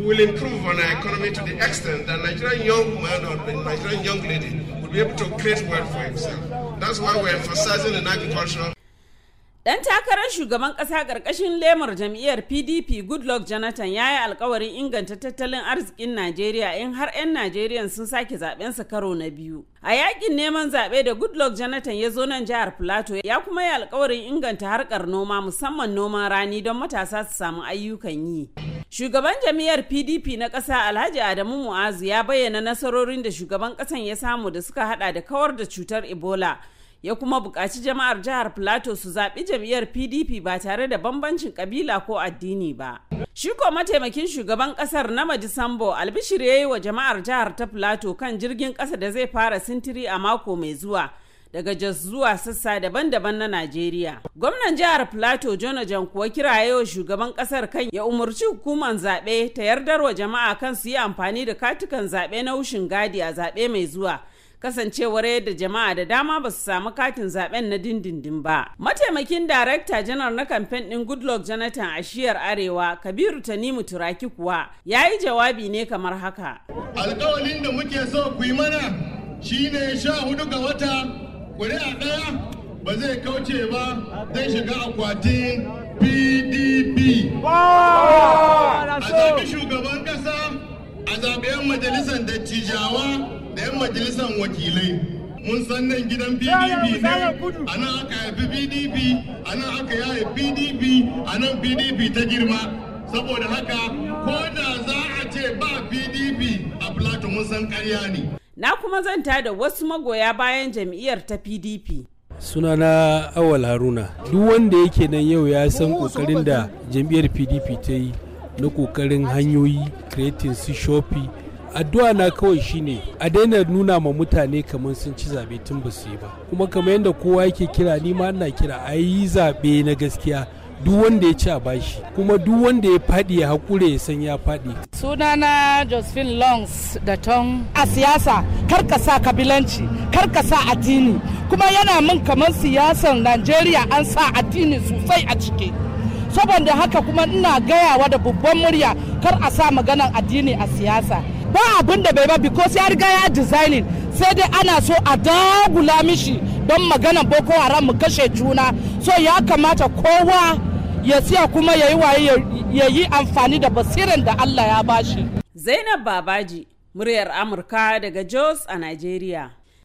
we will improve on our economy to the extent that Nigerian young man or Nigerian young lady will be able to create wealth for himself. That's why we're emphasizing in agriculture. Dan takarar shugaban kasa karkashin lemar jam'iyyar PDP Goodluck Jonathan ya yi alkawarin inganta tattalin arzikin Najeriya in har 'yan Najeriya sun sake zaɓensa karo na biyu. A yakin neman zaɓe da Goodluck Jonathan ya zo nan jihar Plateau ya kuma yi alkawarin inganta harkar noma musamman noman rani don matasa su samu ayyukan yi. Shugaban jam'iyyar PDP na ƙasa Alhaji Adamu Mu'azu ya bayyana nasarorin da shugaban ƙasan ya samu da suka hada da kawar da cutar Ebola. Ya kuma buƙaci jama'ar jihar Plateau su zaɓi jam'iyyar PDP ba tare da bambancin ƙabila ko addini ba. Shiko mataimakin shugaban ƙasar na madisambo albishir ya yi wa jama'ar jihar ta Plateau kan jirgin ƙasa da zai fara sintiri a mako mai zuwa. daga Jos zuwa sassa daban-daban na Najeriya. Gwamnan jihar Plateau jonathan kuwa kira yau shugaban kasar kan ya umarci hukumar zaɓe ta yardar wa jama'a kan su yi amfani da katukan zaɓe na wushin gadi a zaɓe mai zuwa. kasancewar yadda jama'a da dama ba su samu katin zaben na dindindin ba. Mataimakin Darekta janar na kamfen ɗin Goodluck Jonathan a shiyar Arewa, Kabiru Tanimu Turaki kuwa ya yi jawabi ne kamar haka. Alkawalin da muke so ku yi mana shine sha hudu ga wata kuri'a ɗaya ba zai kauce ba zai shiga akwatin pdp a zaɓi shugaban ƙasa a zaɓi 'yan majalisar dattijawa da 'yan majalisar wakilai mun san nan gidan pdp ne a nan aka haifi pdp a nan aka yaye pdp a nan pdp ta girma saboda haka ko da za a ce ba pdp a plato mun san karya ne na kuma zanta da wasu magoya bayan jam'iyyar ta pdp suna na awal haruna duk wanda yake nan yau ya san kokarin da jam'iyyar pdp ta yi na kokarin hanyoyi creating su shopi addu'a na kawai shine a daina nuna ma mutane kamar sun ci zabe tun ba su yi ba kuma kamar yadda kowa yake kira ni ma ina kira a yi zabe na gaskiya duk wanda ya ci a bashi kuma duk wanda ya faɗi ya haƙure ya san ya faɗi. sunana josephine longs da tom a siyasa kar ka kabilanci kar ka addini kuma yana min kamar siyasar najeriya an sa addini sosai a ciki saboda haka kuma ina gayawa da babban murya kar a sa maganan addini a siyasa ba abin da bai ba because ya riga ya designing sai dai ana so a dagula mishi don maganan boko haram mu kashe juna so ya kamata kowa ya siya kuma ya yi waye ya yi amfani da basiran da Allah ya bashi. Zainab Babaji, muryar Amurka daga Jos a Najeriya.